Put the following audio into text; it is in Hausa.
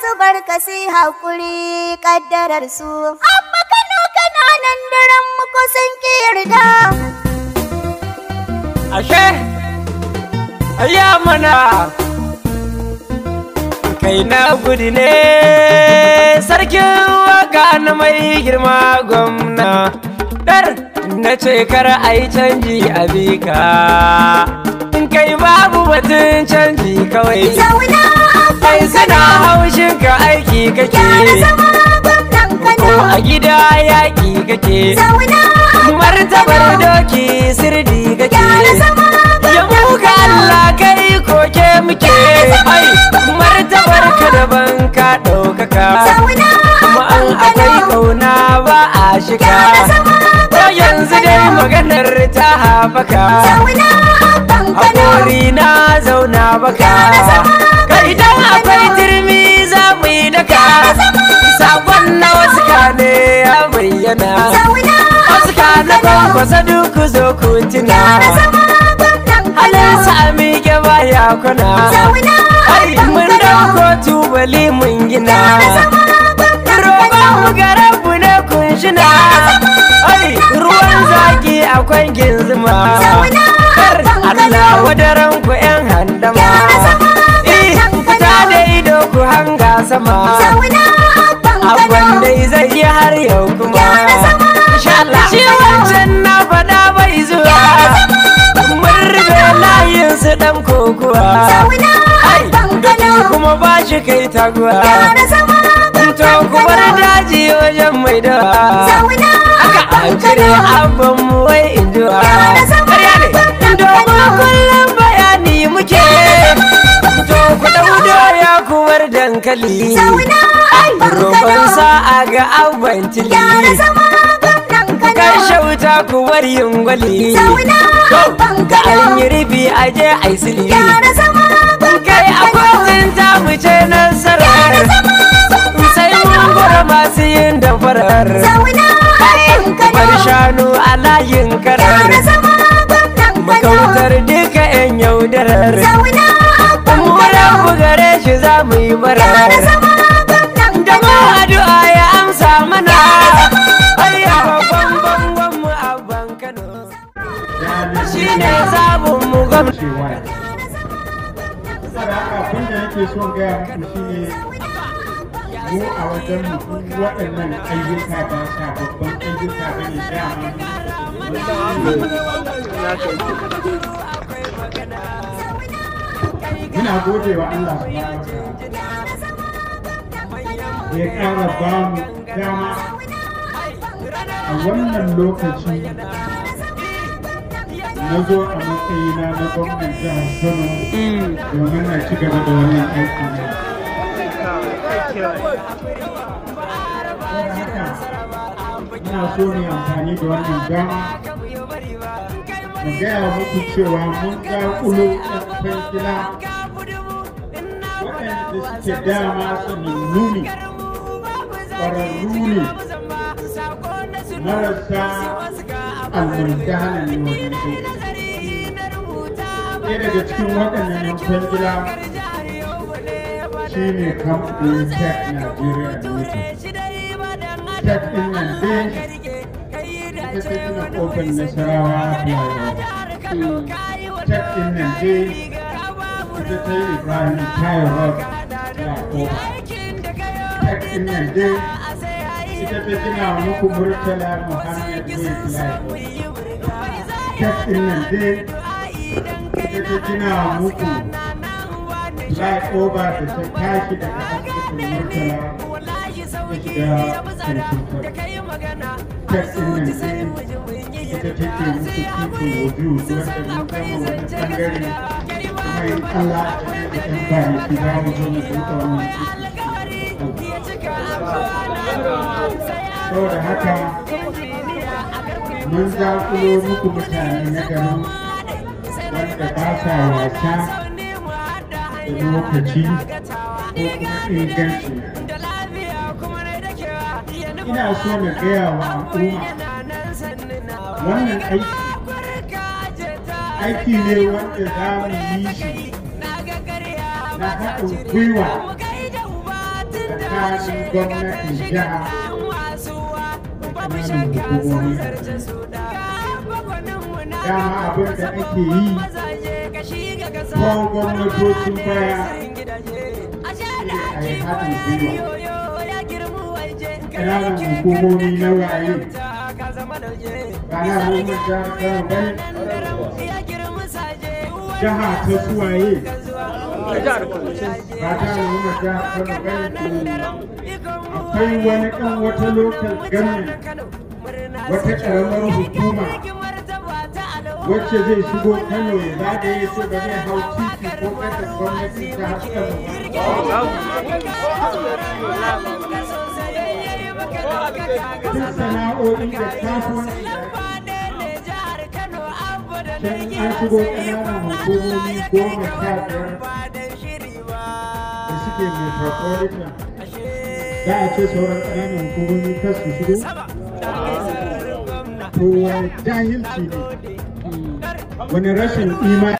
su bar ka sai haƙuri ƙaddarar su. Amma kano kananan daren muku sun ki yarda. Ashe, ayya mana, kai na gudu ne sarkin waka na mai girma gwamna. Dar na ce kar a canji a bika. kai babu batun canji kawai zauna kai sana haushin ka aiki kake gyara gwamnan kano ko a gida yaki kake zauna martabar doki sirdi kake gyara ya muka Allah kai koke muke ai martabar ka daban ka ɗaukaka zauna kuma an akwai kauna ba a shiga gyara yanzu dai maganar ta haɓaka haƙori na zauna baka ka idan akwai turmi za mu yi daka sakon na wasu kane ya bayyana wasu kane kwasa duk zo ku tuna halinsa a miƙe baya kuna ai mun dauko tubali mun gina rigima Allah wadaran eh, ku yan handama fita da ido ku hanga sama abin dai zai yi har yau kuma shi wancan na faɗa bai zuwa mun rube layin su ɗan kokuwa kuma ba shi kai taguwa To ku bar daji wajen mai dawa aka an cire abin mu wai injuwa ƙarya kullum bayani muke fito ku dankali roƙon sa'a ga abin tili kan shauta ku bar ga an yi rufi aje aisili kai akwai ta mu ce nasarar masu yin damfarar zauna a shanu a layin karar zama makautar duka yan yaudarar zauna a gare shi za mu yi marar zama gwamnan kano ya amsa mana shi ne zabin mu gwamnan. Sadaka abin da nake son shi ne mu a wajen mutum waɗannan ayyuka ba sa babban ayyuka ba ne dama muna gode wa Allah su ya ƙara ba mu dama a wannan lokaci na zo a matsayina na gwamnan jihar Kano mm. domin na ci gaba da wannan aiki ne. muna so ne amfani da wannan dama mu gaya muku cewa mun ga kulo ɗan gida waɗanda suke dama sanin ne ƙwararru ne marasa almundana ne wannan aiki ɗaya daga cikin waɗannan yankan gida shine ne kamfanin tech nigeria tech din nan dai ita ce nasarawa hmm. tech din nan ta yi ibrahim tayo da kofa tech din nan ita ta gina muku murtala muhammad tech ita ta gina muku flyover da ta tashi daga da shiga cancantar tekstin nan sai ita take musu kifin wajiyu wanda mun kama wani bangare in allah da ɗan mu duka haka mun mutane na garin wanda ba sa wasa da lokaci ko kuma inganci ina so na gaya wa al'umma wannan aiki aiki ne wanda za mu yi shi na gwiwa tsakanin jiha abin da ake yi kawo gwamnatocin baya a yi haɗin gwiwa ƙananan hukumomi na waye ba na hukumar jihar kano bai jiha ta suwaye ba ta jihar akwai wani wata wata ƙaramar wacce zai shigo kano ya zaga ya ce ba zai hau titi ko kasar gwamnati ta haska ba. Duk sana'o'i da kasuwanci can an shigo ƙananan hukumomi goma sha biyar da suke metropolitan za a ce sauran ƙananan hukumomi kar su shigo? To jahilci ne. wani rashin imani